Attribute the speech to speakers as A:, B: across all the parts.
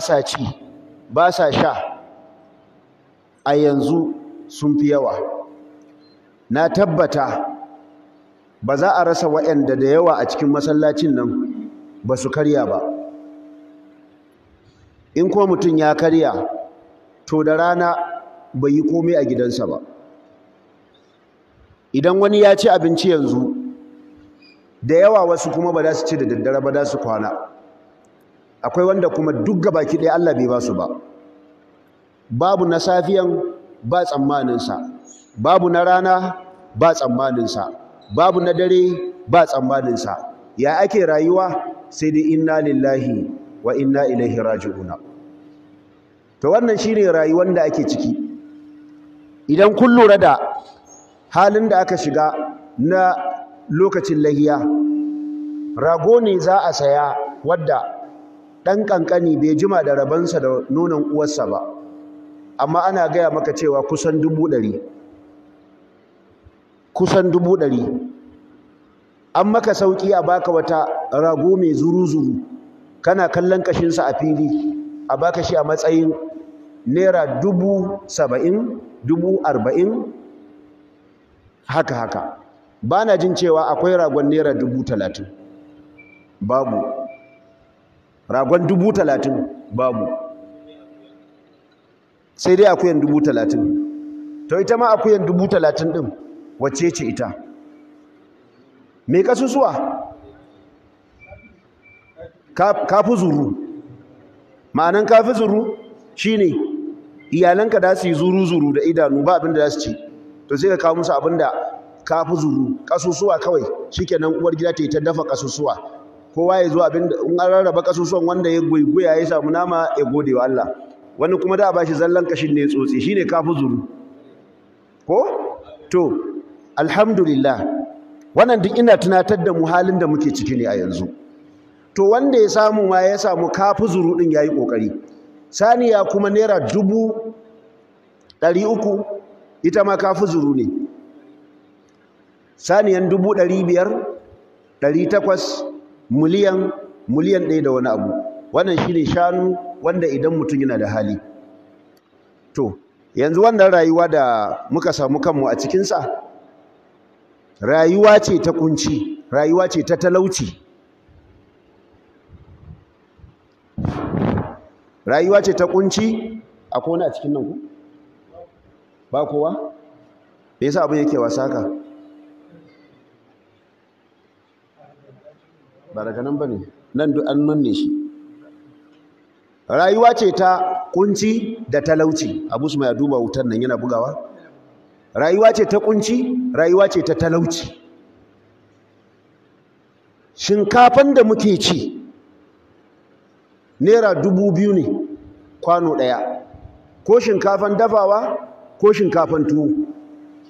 A: sa ci ba sa sha a yanzu sun fi yawa na tabbata ba za a rasa waɗanda da yawa a cikin masallacin nan ba su karya ba in ko mutum ya karya to da rana bai yi komai a gidansa ba idan wani ya ci abinci yanzu da yawa wasu kuma ba za su ci da daddare ba za su kwana akwai wanda kuma duk ki ɗaya Allah bai ba su ba babu na safiyan ba tsammaninsa babu na rana ba tsammaninsa babu na dare ba tsammaninsa ya ake rayuwa sai dai inna lillahi wa inna ilaihi raji'una to wannan shine rayuwar da ake ciki idan kun lura da halin da aka shiga na lokacin lahiya rago ne za a saya wadda ɗan ƙanƙani bai jima da rabansa da nonon uwarsa ba amma ana gaya maka cewa kusan dubu ɗari kusan dubu ɗari an maka sauƙi a baka wata rago mai zuru-zuru kana kallon ƙashinsa a fili a baka shi a matsayin naira dubu saba'in dubu arba'in haka haka ba na jin cewa akwai ragon naira dubu talatin babu ragon dubu talatin babu sai dai akuyan dubu talatin to ita ma akuyan dubu talatin ɗin wacce ce ita mai kasusuwa fi zuru ma'anan kafi zuru shine iyalanka da su yi zuru-zuru da idanu ba abin da za su ci to sai ka kawo musu abin da kafi zuru kasusuwa kawai shi kenan uwar gida ta yi ta dafa kasusuwa kowa ya zo abin da in an rarraba kasusuwan wanda ya guiguya ya samu nama ya gode wa Allah wani kuma da ba shi zallan kashin ne tsotsi shine kafu zuru ko to alhamdulillah wannan duk ina tunatar da mu halin da muke ciki ne a yanzu to wanda ya samu ma ya samu kafu zuru din yayi kokari saniya kuma naira dubu ɗari ita ma kafu zuru ne saniyan dubu ɗari biyar ɗari miliyan miliyan ɗaya da wani abu wannan shine shanu wanda idan mutum yana da hali to yanzu wannan rayuwa da muka samu kanmu a cikinsa rayuwa ce ta kunci rayuwa ce ta talauci rayuwa ce ta kunci a kone a cikin nan ku ba kowa me yasa abin yake wasa ka. ba daga nan ba ne nan duk an manne shi rayuwa ce ta kunci da talauci abu su mai duba wutar nan yana bugawa rayuwa ce ta kunci rayuwa ce ta talauci shinkafan da muke ci naira dubu biyu ne kwano ɗaya ko shinkafan dafawa ko shinkafan tuwo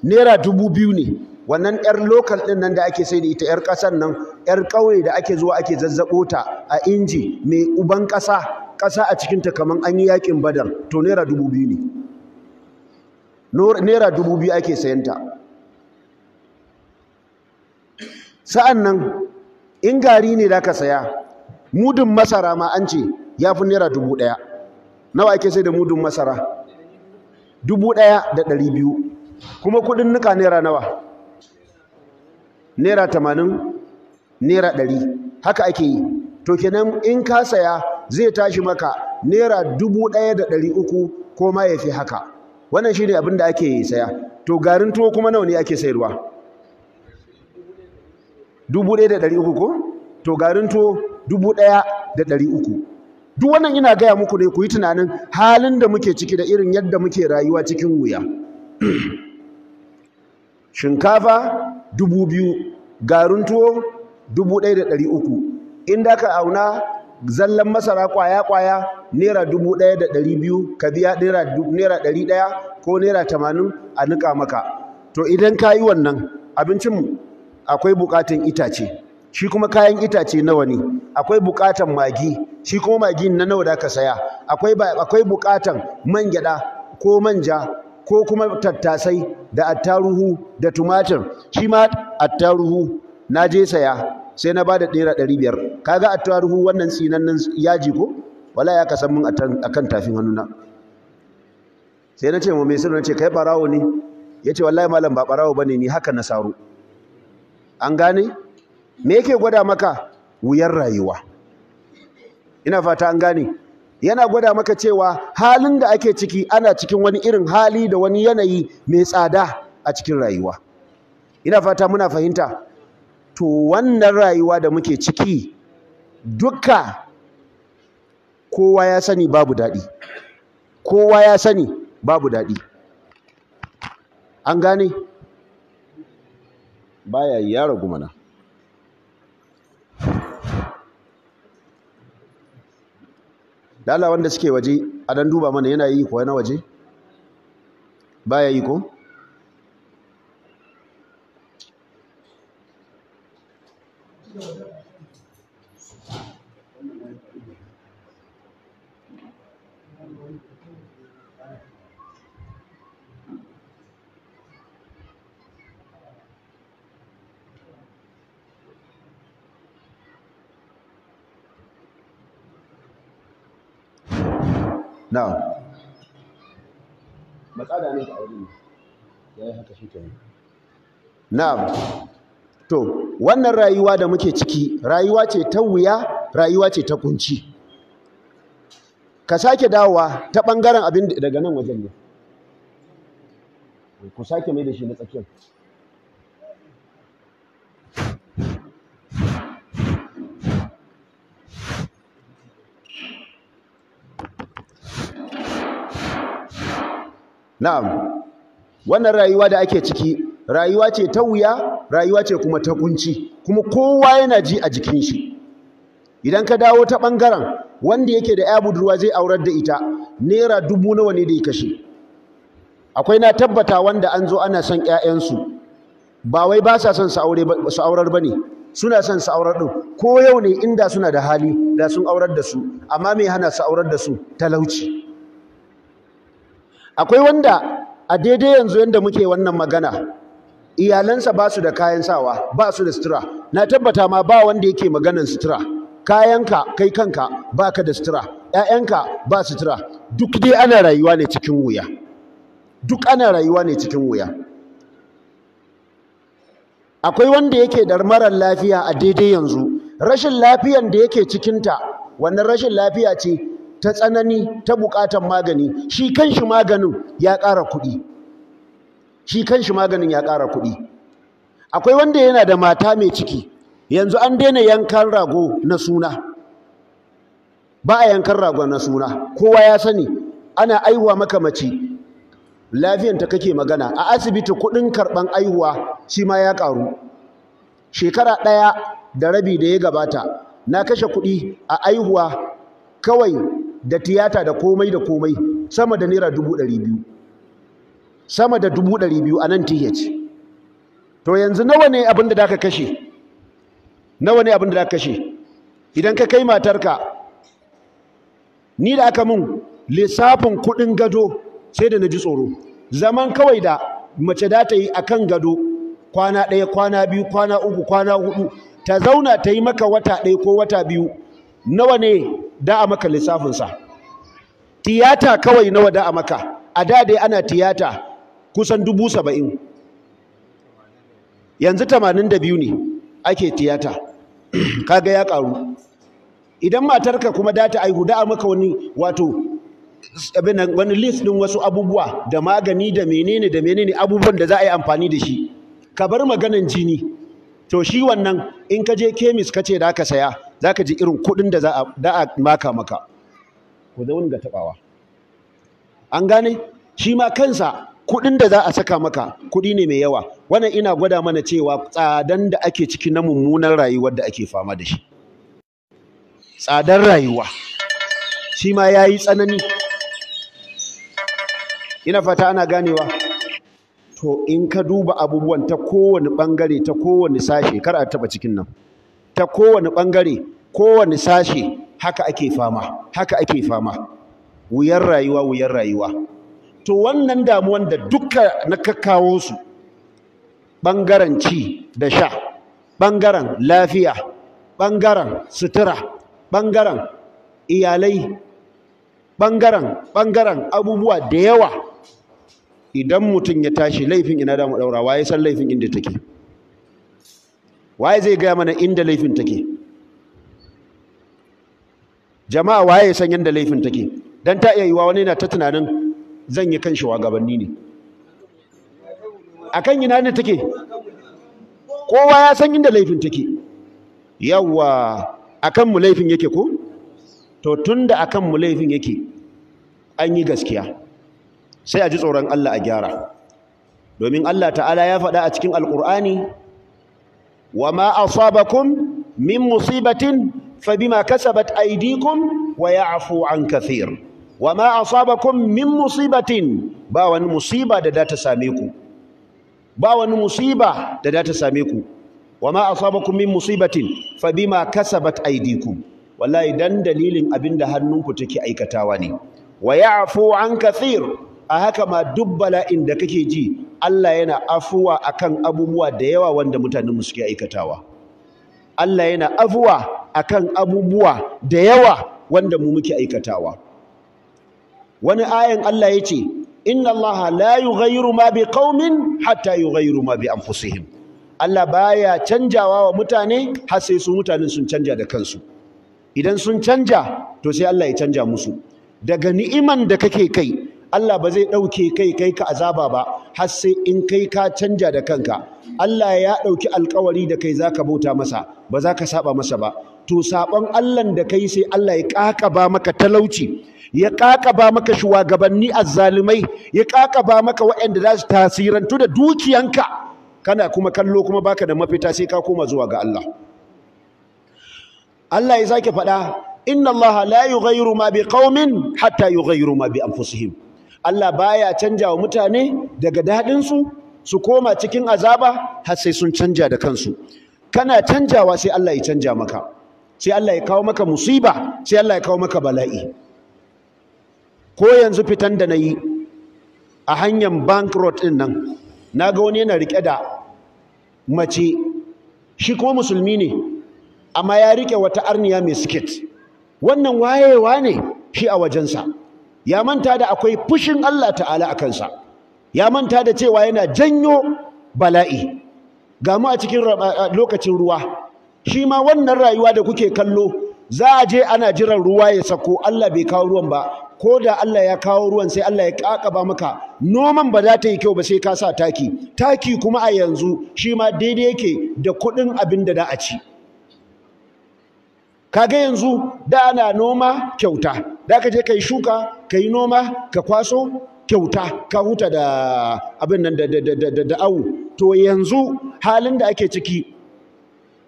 A: naira dubu biyu ne wannan yar local ɗin nan da ake sai da ita yar kasar nan yar kauye da ake zuwa ake zazzabo ta a inji mai uban kasa ƙasa a cikin ta kaman an yi yakin badar to naira dubu biyu ne naira dubu biyu ake sayan ta sa'an nan in gari ne da ka saya mudun masara ma an ce ya fi naira dubu ɗaya nawa ake sai da mudun masara dubu ɗaya da ɗari biyu kuma kuɗin nuka naira nawa naira tamanin naira ɗari haka ake yi to kenan in ka saya zai tashi maka naira dubu ɗaya da ɗari uku ko ma ya fi haka wannan shi ne abin da ake saya to garin tuwo kuma nawa ne ake sayarwa dubu ɗaya da ɗari uku ko to garin tuwo dubu ɗaya da ɗari uku duk wannan ina gaya muku ne ku yi tunanin halin da muke ciki da irin yadda muke rayuwa cikin wuya shinkafa dubu biyu garin tuwo 1300 inda ka auna zallan masara kwaya kwaya naira 1200 ka biya naira 100 ko naira 80 a nika maka to idan ka yi wannan abincin akwai bukatun itace shi kuma kayan itace nawa ne akwai bukatun magi shi kuma magi na nawa da ka saya akwai bukatun man gyada ko manja ko kuma tattasai da attaruhu da tumatir shi ma attaruhu na je saya sai na bada ɗera ɗari biyar kaga attaruhu wannan nan yaji ko wala ya kasan mun akan tafin hannuna sai na ce mu mai sirri na ce kai barawo ne ya ce wallahi malam ba barawo bane ni haka na saro an gane me yake gwada maka wuyar rayuwa ina fata an gane yana gwada maka cewa halin da ake ciki ana cikin wani irin hali da wani yanayi mai tsada a cikin rayuwa ina fata muna fahimta to wannan rayuwa da muke ciki duka kowa ya sani babu daɗi kowa ya sani babu daɗi an gane baya ragu gumana da Allah wanda suke waje a dan duba mana yana yi ko na waje baya yi ko faɗa min da aure ne haka shi kenan na'am to wannan rayuwa da muke ciki rayuwa ce ta wuya rayuwa ce ta kunci ka sake dawowa ta ɓangaren abin daga nan wajen ne ku sake mai da shi na tsakiyar na'am wannan rayuwa da ake ciki rayuwa ce ta wuya rayuwa ce kuma ta kunci kuma kowa yana ji a jikin shi idan ka dawo ta bangaren wanda yake da ya budurwa zai aurar da ita naira dubu nawa ne da ya kashe akwai na tabbata wanda an zo ana son 'ya'yansu. ba wai ba sa son su aurar ba ne suna son su aurar ɗin ko yau ne inda suna da hali da sun aurar da su amma me hana su aurar da su talauci akwai wanda a daidai yanzu yadda muke wannan magana iyalansa ba su da kayan sawa ba su da sutura na tabbata ma ba wanda yake maganan sutura kayanka kai kanka ba ka da sutura Ya'yanka, ba sutura duk dai ana rayuwa ne cikin wuya duk ana rayuwa ne cikin wuya akwai wanda yake da marar lafiya a daidai yanzu rashin lafiyan da yake cikinta wannan rashin lafiya ce ta tsanani ta bukatan magani shi kanshi maganin ya ƙara kuɗi shi kanshi maganin ya ƙara kuɗi akwai wanda yana da mata mai ciki yanzu an daina yankan rago na suna ba a yankan rago na suna kowa ya sani ana aiwa maka mace lafiyanta kake magana a asibiti kuɗin karɓan aihuwa shi ma ya ƙaru shekara ɗaya da rabi da ya gabata na kashe kuɗi a aihuwa kawai da tiyata da komai da komai sama da naira dubu ɗari biyu sama da dubu ɗari biyu a nan TH to yanzu nawa ne abin da ka kashe nawa ne abin da ka kashe idan ka kai matarka ni da aka mun lissafin kuɗin gado sai da na ji tsoro zaman kawai da mace da ta yi a kan gado kwana ɗaya kwana biyu kwana uku kwana hudu ta zauna ta yi maka wata ɗaya ko wata biyu nawa ne da a maka lissafinsa tiyata kawai nawa da a maka a da dai ana tiyata kusan dubu saba'in yanzu tamanin da biyu ne ake tiyata kaga ya ƙaru idan matarka kuma da ta aihu da'a a maka wani wato wani list ɗin wasu abubuwa da magani da menene da menene abubuwan da za a yi amfani da shi ka bar maganin jini to shi wannan in ka je kemis ka ce da ka saya za ka ji irin kuɗin da za a maka maka ku zaune ga taɓawa an gane shi ma kansa kuɗin da za a saka maka kuɗi ne mai yawa wannan ina gwada mana cewa tsadan da ake ciki na mummunan rayuwar da ake fama da shi tsadar rayuwa shi ma ya yi tsanani ina fata ana ganewa to in ka duba abubuwan ta kowane bangare ta kowane sashe kar a taɓa cikin nan ta kowane ɓangare kowane sashe haka ake fama haka ake fama wuyar rayuwa wuyar rayuwa to wannan damuwan da duka na kakkawo su ɓangaren ci da sha ɓangaren lafiya ɓangaren sutura ɓangaren iyalai ɓangaren ɓangaren abubuwa da yawa idan mutum ya tashi laifin ina da mu ɗaura ya san laifin inda take waye zai gaya mana inda laifin take jama'a waye ya san yadda laifin take dan ta iya yiwa wani na ta tunanin zan yi kan shugabanni ne akan ina ne take kowa ya san inda laifin take yawa akan mu laifin yake ko to tunda akan mu laifin yake an yi gaskiya sai a ji tsoron Allah a gyara domin Allah ta'ala ya faɗa a cikin alƙur'ani وما أصابكم من مصيبة فبما كسبت أيديكم ويعفو عن كثير وما أصابكم من مصيبة باوان مصيبة دا تساميكو باوان مصيبة دا تساميكو وما أصابكم من مصيبة فبما كسبت أيديكم والله دان دليل أبن دهنكم تكي أي كتاواني ويعفو عن كثير a haka ma duk bala'in da kake ji Allah yana afuwa akan abubuwa da yawa wanda mutanen mu suke aikatawa Allah yana afuwa akan abubuwa da yawa wanda mu muke aikatawa wani ayan Allah yace inna Allah la yughayyiru ma qaumin hatta yughayyiru ma bi anfusihim Allah baya canjawa wa mutane har sai su mutanen sun canja da kansu idan sun canja to sai Allah ya canja musu daga ni'iman da kake kai Allah ba zai ɗauke kai kai ka azaba ba har sai in kai ka canja da kanka Allah ya ɗauki alkawari da kai zaka bauta masa ba za ka saba masa ba to saban Allah da kai sai Allah ya ba maka talauci ya ƙaƙaba maka shugabanni azzalumai ya ƙaƙaba maka waɗanda za su tasirantu da dukiyanka kana kuma kallo kuma baka da mafita sai ka koma zuwa ga Allah Allah ya sake faɗa inna Allah la yughayyiru ma ƙaumin hatta yughayyiru ma bi anfusihim Allah baya canja wa mutane daga daɗinsu su koma cikin azaba har sai sun canja da kansu kana canjawa sai Allah ya canja maka sai Allah ya kawo maka musiba sai Allah ya kawo maka bala'i ko yanzu fitan da na yi a hanyar bank ɗin nan na ga wani yana riƙe da mace shi ko musulmi ne amma ya riƙe wata arniya mai siket wannan wayewa ne shi a wajensa ya manta da akwai fushin Allah ta'ala a kansa ya manta da cewa yana janyo bala'i ga mu a cikin lokacin ruwa shi ma wannan rayuwa da kuke kallo za a je ana jiran ruwa ya sako Allah bai kawo ruwan ba ko da Allah ya kawo ruwan sai Allah ya kakaba maka noman ba za ta yi kyau ba sai ka sa taki taki kuma a yanzu shi ma daidai yake da kuɗin abin da da a ci kaga yanzu da ana noma kyauta da ka je ka yi shuka ka yi noma ka kwaso kyauta ka huta da abin nan da, da, awu to yanzu halin da ake ciki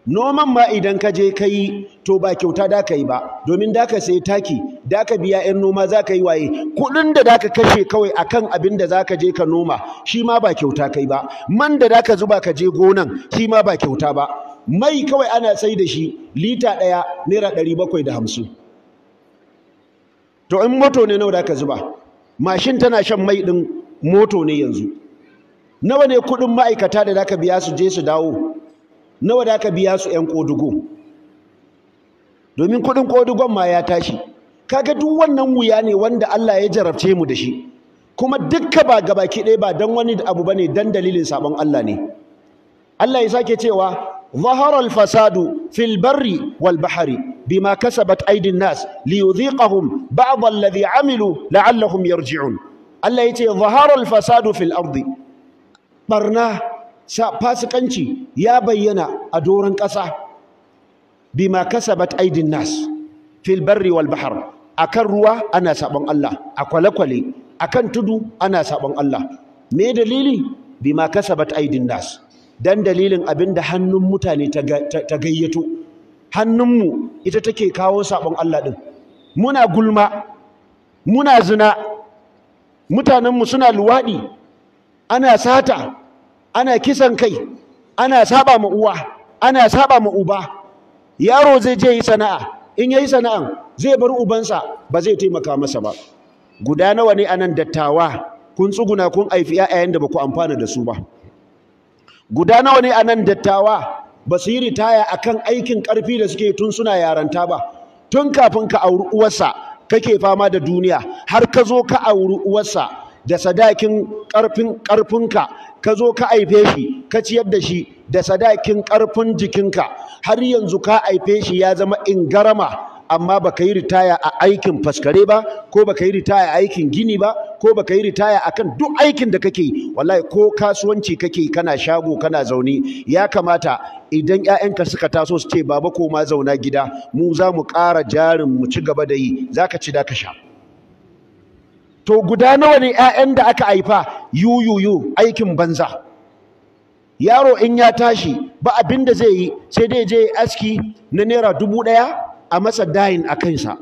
A: noman ma idan ka je ka yi to ba kyauta da ka yi ba domin da ka sai taki da ka biya 'yan noma za ka yi waye kuɗin da da ka kashe kawai akan abin da za ka je ka noma shi ma ba kyauta kai ba man da da ka zuba ka je gonan shi ma ba kyauta ba mai kawai ana sai da shi lita ɗaya naira ɗari bakwai da hamsin to in moto ne nawa da ka zuba mashin tana shan mai ɗin moto ne yanzu nawa ne kuɗin ma'aikata da zaka biya su je su dawo nawa da ka biya su 'yan kodugo domin kuɗin kodugon ma ya tashi kaga duk wannan wuya ne wanda Allah ya jarabce mu da shi kuma dukka ba gabaki ɗaya ba don wani abu ba ne don dalilin sabon Allah ne Allah ya sake cewa zaharar fasadu fil barri wal bahari bima kasabat aidin nas liyudhiqahum ba'd alladhi amilu la'allahum yarji'un Allah yace ce zaharul fasadu fil ardi barna fasikanci ya bayyana a doron ƙasa bima kasabat aidin nas fil barri wal bahr akan ruwa ana sabon Allah a kwale-kwale akan tudu ana saɓan Allah me dalili bima kasabat aidin nas dan dalilin abinda hannun mutane ta gayyato hannunmu ita take kawo sabon Allah ɗin. muna gulma muna zina mutanenmu suna luwaɗi. ana sata ana kisan kai ana saɓa ma uwa ana saba ma uba yaro zai je yi sana'a in yayi sana'an zai bar ubansa ba zai taimaka masa ba guda nawa ne anan dattawa kun tsuguna kun haifi 'ya'yan da ba ku amfana da su ba guda nawa ne anan dattawa ba su yi ritaya akan aikin ƙarfi da suke tun suna yaranta ba tun kafin ka auri uwarsa kake fama da duniya har ka zo ka auri uwarsa da sadakin ƙarfin ƙarfinka ka zo ka aife shi ka ciyar da shi da sadakin ƙarfin jikinka har yanzu ka aife shi ya zama ingarama amma baka yi ritaya a aikin faskare ba ko baka yi ritaya a aikin gini ba ko baka yi ritaya a kan duk aikin da kake wallahi ko kasuwanci kake kana shago kana zaune ya kamata idan 'ya'yanka suka taso su ce baba ko ma zauna gida mu za mu ƙara jarin mu ci gaba da yi za ka ci da ka sha to guda nawa ne 'ya'yan da aka haifa yuyuyu aikin banza yaro in ya tashi ba abin da zai yi sai dai je aski na naira dubu ɗaya a masa dayin a kansa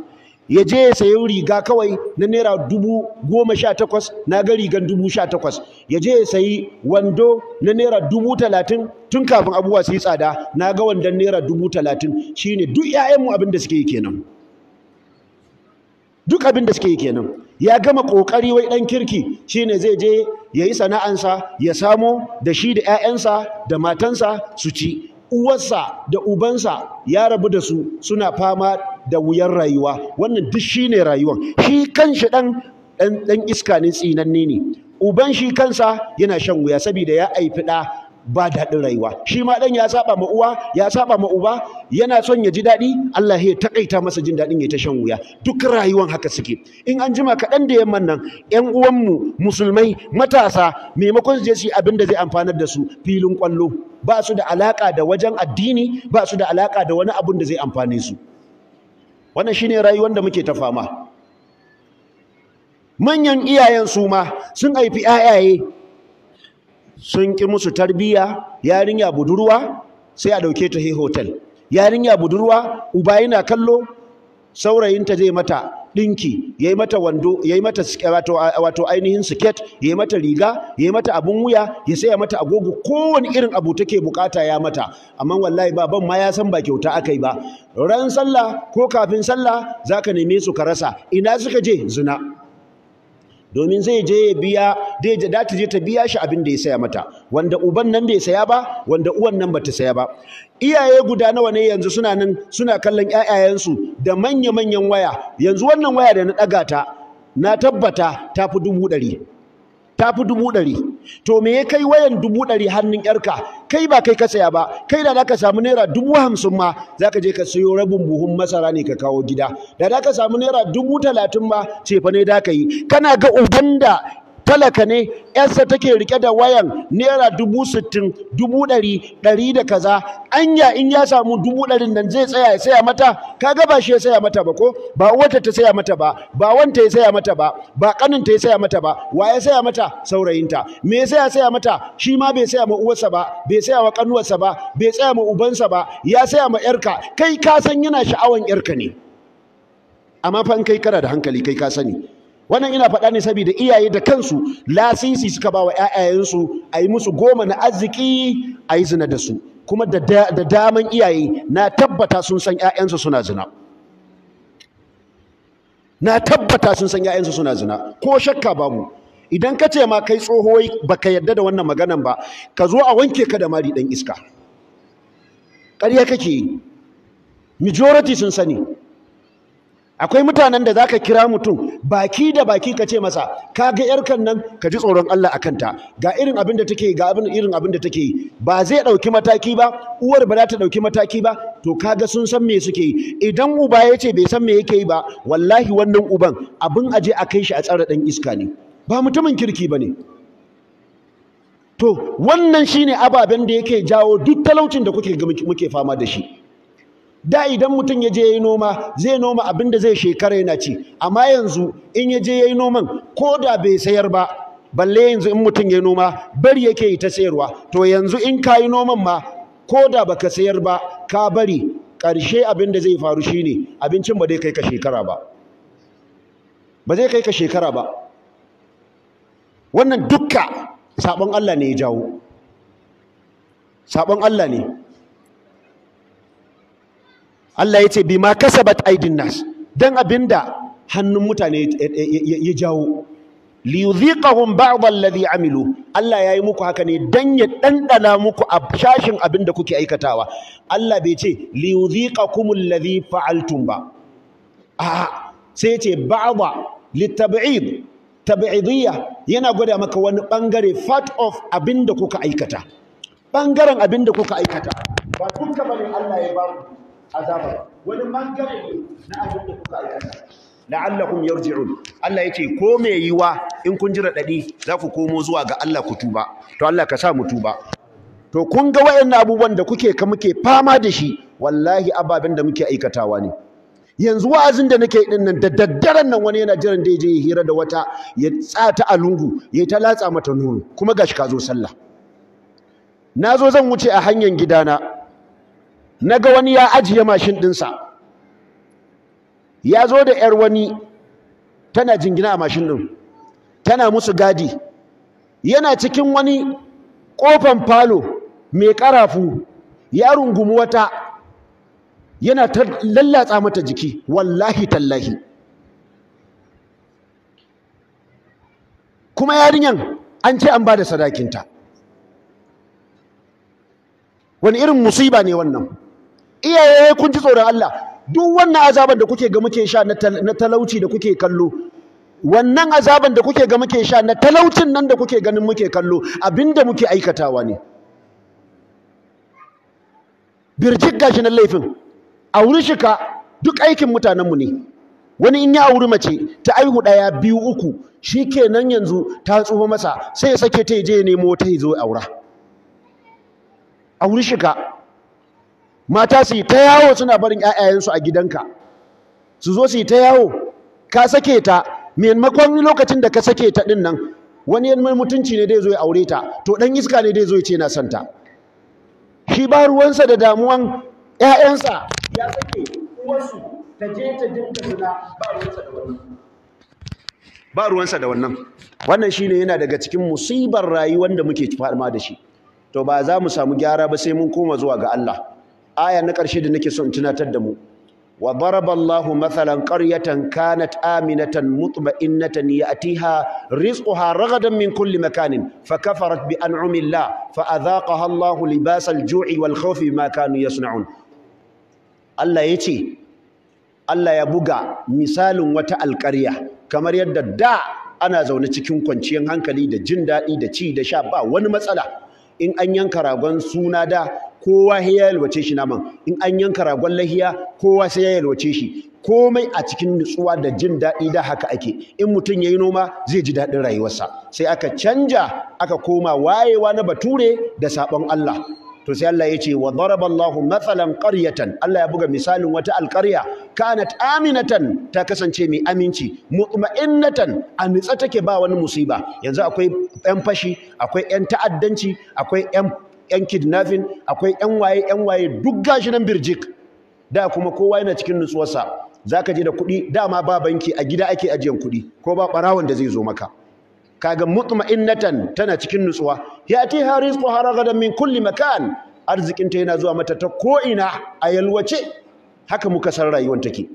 A: ya je ya sayi riga kawai na naira dubu goma sha takwas na ga rigan dubu sha takwas ya je ya sayi wando na naira dubu talatin tun kafin abubuwa su yi tsada na ga wandon naira dubu talatin Shi ne duk 'ya'yanmu abin da suke yi kenan duk abin da suke yi kenan ya gama kokari wai ɗan kirki Shi ne zai je ya yi sana'ansa ya samo da shi da ya'yansa da matansa su ci uwarsa da ubansa ya rabu da su suna fama da wuyar rayuwa wannan duk shi ne rayuwan shi kanshi dan dan iska ne tsinanne ne uban shi kansa yana shan wuya saboda ya aifi ɗa ba daɗin rayuwa shi ma ɗan ya saba ma uwa ya saba ma uba yana son ya ji daɗi Allah ya takaita masa jin daɗin ya ta shan wuya duk rayuwan haka suke in an jima kaɗan da yamman nan ƴan uwanmu musulmai matasa maimakon su je su abin da zai amfanar da su filin ƙwallo ba su da alaƙa da wajen addini ba su da alaƙa da wani abin da zai amfane su wannan shine rayuwar da muke ta fama manyan iyayen su ma sun haifi 'ya'yaye sun ƙi musu tarbiyya yarinya budurwa sai a ɗauke ta he hotel yarinya budurwa uba yana kallo saurayinta zai mata ɗinki ya yi mata wando ya yi mata wato ainihin siket ya yi mata riga ya yi mata abin wuya ya saya mata agogo kowane irin abu take bukata ya mata amma wallahi ba ban ma ya san ba kyauta aka yi ba ran sallah ko kafin sallah za ka neme su ka rasa ina suka je zina domin zai je ya biya dai da ta je ta biya shi abin da ya saya mata wanda uban nan bai saya ba wanda uwan nan bata saya ba iyaye guda nawa ne yanzu suna nan suna kallon ƴaƴayensu da manya manyan waya yanzu wannan waya da na ɗaga ta na tabbata ta fi dubu ɗari ta fi dubu to me ya kai wayan dubu ɗari hannun ƴarka kai ba kai ka saya ba kai da ka samu naira dubu hamsin ma zaka je ka sayo rabin buhun masara ne ka kawo gida da ka samu naira dubu talatin ma ce fa ne da ka yi kana ga uban talaka ne yarsa take rike da wayan naira dubu sittin dubu ɗari ɗari da kaza anya in ya samu dubu ɗarin nan zai tsaya ya saya mata kaga ba shi ya saya mata ba ko ba wata ta saya mata ba ba wanta ya saya mata ba ba kaninta ya saya mata ba wa ya saya mata saurayinta me ya saya saya mata shi ma bai saya ma uwarsa ba bai saya wa kanuwarsa ba bai saya ma ubansa ba ya saya ma yarka kai ka san yana sha'awan yarka ne amma fa in kai kana da hankali kai ka sani wannan ina faɗa ne saboda iyaye da kansu lasisi suka ba wa ‘ya'yayensu a yi musu goma na arziki a yi zina da su kuma da daman iyaye na tabbata sun san ‘ya'yansu suna zina na tabbata sun san ‘ya'yansu suna zina ko shakka ba mu. idan ka ce ma kai tsohoi ka yarda da wannan maganan ba ka zo a wanke ka da mari ɗan iska ƙarya kake yi. majority sun sani akwai mutanen da zaka kira mutum baki da baki ka ce masa ka ga yarkan nan ka ji tsoron Allah a kanta ga irin abin da take ga abin irin abin da take ba zai ɗauki mataki ba uwar ba za ta dauki mataki ba to kaga sun san me suke yi idan uba ya ce bai san me yake yi ba wallahi wannan uban abin aje a kai shi a tsara dan iska ne ba mutumin kirki bane to wannan shine ababen da yake jawo duk talaucin da kuke muke fama da shi da idan mutum ya je ya yi noma zai noma abin da zai shekara yana ci amma yanzu in ya je ya yi noman ko da bai sayar ba balle yanzu in mutum ya yi noma bari yake yi ta sayarwa to yanzu in ka yi noman ma ko da baka sayar ba ka bari ƙarshe abin da zai faru shine abincin ba zai kai ka shekara ba ba zai kai ka shekara ba wannan dukka sabon Allah ne ya jawo sabon Allah ne Allah ya ce bima kasabat aidin nas dan abinda hannun mutane ya jawo liyudhiqahum ba'd alladhi amilu Allah yayi muku haka ne dan ya dandana muku a shashin abinda kuke aikatawa Allah bai ce liyudhiqakum alladhi fa'altum ba a sai ce ba'd litab'id tab'idiyya yana gwada maka wani bangare part of abinda kuka aikata bangaren abinda kuka aikata ba kuka bane Allah ya ba azabar wani mangabe na abin da kuka aikata la'allakum yarji'un Allah yake ko me yiwa in kun jira dadi za ku komo zuwa ga Allah ku tuba to Allah ka sa mu tuba to kun ga wayannan abubuwan da kuke ka muke fama da shi wallahi ababen da muke aikatawa ne yanzu wa'azin da nake din nan da daddaren nan wani yana jiran da ya je hira da wata ya tsata a lungu ya ta latsa mata nuru kuma gashi ka zo sallah na zo zan wuce a hanyar gidana na ga wani ya ajiye mashin ɗinsa ya zo da 'yar wani tana jingina a mashin ɗin tana musu gadi yana cikin wani ƙofan falo mai ƙarafu ya rungumi wata yana ta lallatsa mata jiki wallahi tallahi kuma yarinyan an ce an ba da sadakinta wani irin musiba ne wannan iyaye kun ji tsoron Allah duk wannan azaban da kuke ga muke sha na talauci da kuke kallo wannan azaban da kuke ga muke sha na talaucin nan da kuke ganin muke kallo abinda muke aikatawa ne birjik gashi na laifin auri shika duk aikin mutanenmu ne wani in ya auri mace ta aihu ɗaya biyu uku shi kenan yanzu ta tsufa masa sai ya sake ta je ya nemo ta zo aura auri shika mata su yi ta yawo suna barin 'ya'yayensu a gidanka su zo su yi ta yawo ka sake ta maimakon lokacin da ka sake ta ɗin nan wani yan mutunci ne dai zo ya aure ta to ɗan iska ne dai zo ya ce na santa shi ba ruwansa da damuwan 'ya'yansa ya sake uwarsu ta je ta dinka ba ruwansa da wannan ba ruwansa da wannan wannan shine yana daga cikin musibar rayuwar da muke fama da shi to ba za mu samu gyara ba sai mun koma zuwa ga Allah aya na ƙarshe da nake son tunatar da mu wa daraballahu mathalan qaryatan kanat aminatan mutma'innatan ya'tiha rizquha ragadan min kulli makanin fakafarat bi an'ami Allah fa adhaqaha Allah libasal ju'i wal khawfi bima kanu yasna'un Allah yace Allah ya buga misalin wata alƙarya kamar yadda da ana zaune cikin kwanciyar hankali da jin daɗi da ci da sha ba wani matsala in an yanka ragon suna da kowa sai ya yalwace shi naman in an yanka ragon lahiya kowa sai ya yalwace shi komai a cikin nutsuwa da jin daɗi da haka ake in mutum ya yi noma zai ji daɗin rayuwarsa sai aka canja aka koma wayewa na bature da saɓon Allah to sai Allah ya ce wa daraba Allahu mathalan qaryatan Allah ya buga misalin wata alqarya kanat aminatan ta kasance mai aminci mutma'innatan a nitsa take ba wani musiba yanzu akwai yan fashi akwai yan ta'addanci akwai yan yan kidnapping akwai yan waye yan waye duk gashi nan birjik da kuma kowa yana cikin nutsuwarsa zaka je da kuɗi dama ba banki a gida ake ajiyan kuɗi ko ba ɓarawon da zai zo maka kaga mutma'innatan tana cikin nutsuwa yatiha rizquha ragadan min kulli makan arzikinta yana zuwa mata ta ko ina a yalwace haka muka san rayuwar take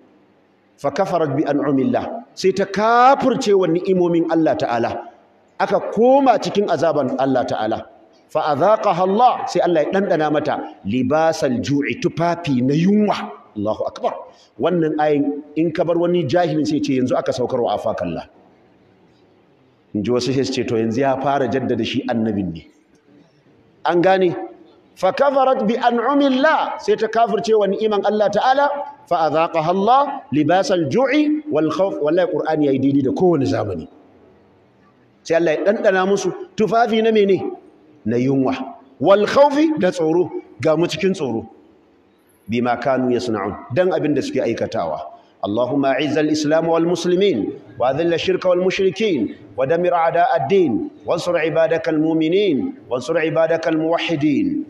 A: fa kafarat bi an'amillah sai ta kafirce wa ni'imomin Allah ta'ala aka koma cikin azaban Allah ta'ala fa azaqaha Allah sai Allah ya dandana mata libasal ju'i tufafi na yunwa Allahu akbar wannan ayin in ka bar wani jahilin sai ce yanzu aka saukar wa afakallah in ji wasu ce to yanzu ya fara jaddada shi annabin ne an gane fa kafarat bi an'umillah sai ta kafirce wa ni'iman Allah ta'ala fa azaqaha Allah libasal ju'i wal khawf wallahi qur'ani yayi da kowane zamani sai Allah ya dandana musu tufafi na mene na yunwa wal khawf da tsoro ga mu cikin tsoro bima kanu yasna'un dan abin da suke aikatawa اللهم أعز الإسلام والمسلمين وأذل الشرك والمشركين ودمر أعداء الدين وانصر عبادك المؤمنين وانصر عبادك الموحدين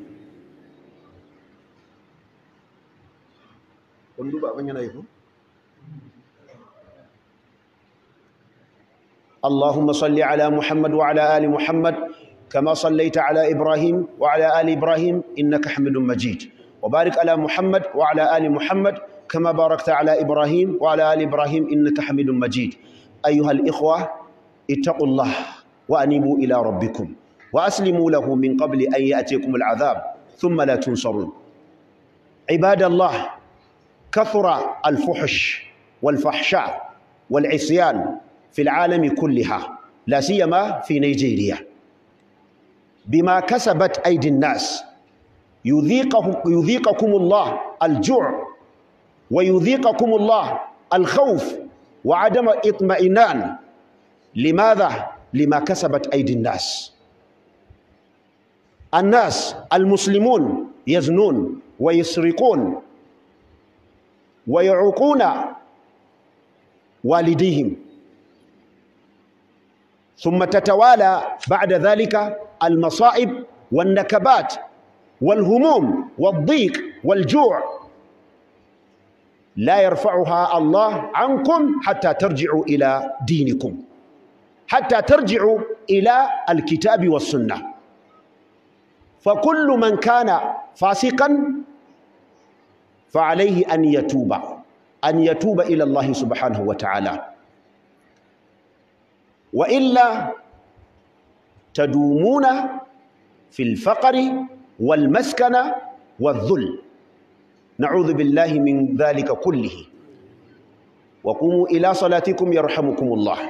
A: اللهم صل على محمد وعلى آل محمد كما صليت على إبراهيم وعلى آل إبراهيم إنك حمد مجيد وبارك على محمد وعلى آل محمد كما باركت على إبراهيم وعلى آل إبراهيم إنك حميد مجيد أيها الإخوة اتقوا الله وأنيبوا إلى ربكم وأسلموا له من قبل أن يأتيكم العذاب ثم لا تنصرون عباد الله كثر الفحش والفحشاء والعصيان في العالم كلها لا سيما في نيجيريا بما كسبت أيدي الناس يذيقكم الله الجوع ويذيقكم الله الخوف وعدم اطمئنان لماذا لما كسبت أيدي الناس الناس المسلمون يزنون ويسرقون ويعوقون والديهم ثم تتوالى بعد ذلك المصائب والنكبات والهموم والضيق والجوع لا يرفعها الله عنكم حتى ترجعوا إلى دينكم حتى ترجعوا إلى الكتاب والسنة فكل من كان فاسقا فعليه أن يتوب أن يتوب إلى الله سبحانه وتعالى وإلا تدومون في الفقر والمسكنة والذل نعوذ بالله من ذلك كله وقوموا إلى صلاتكم يرحمكم الله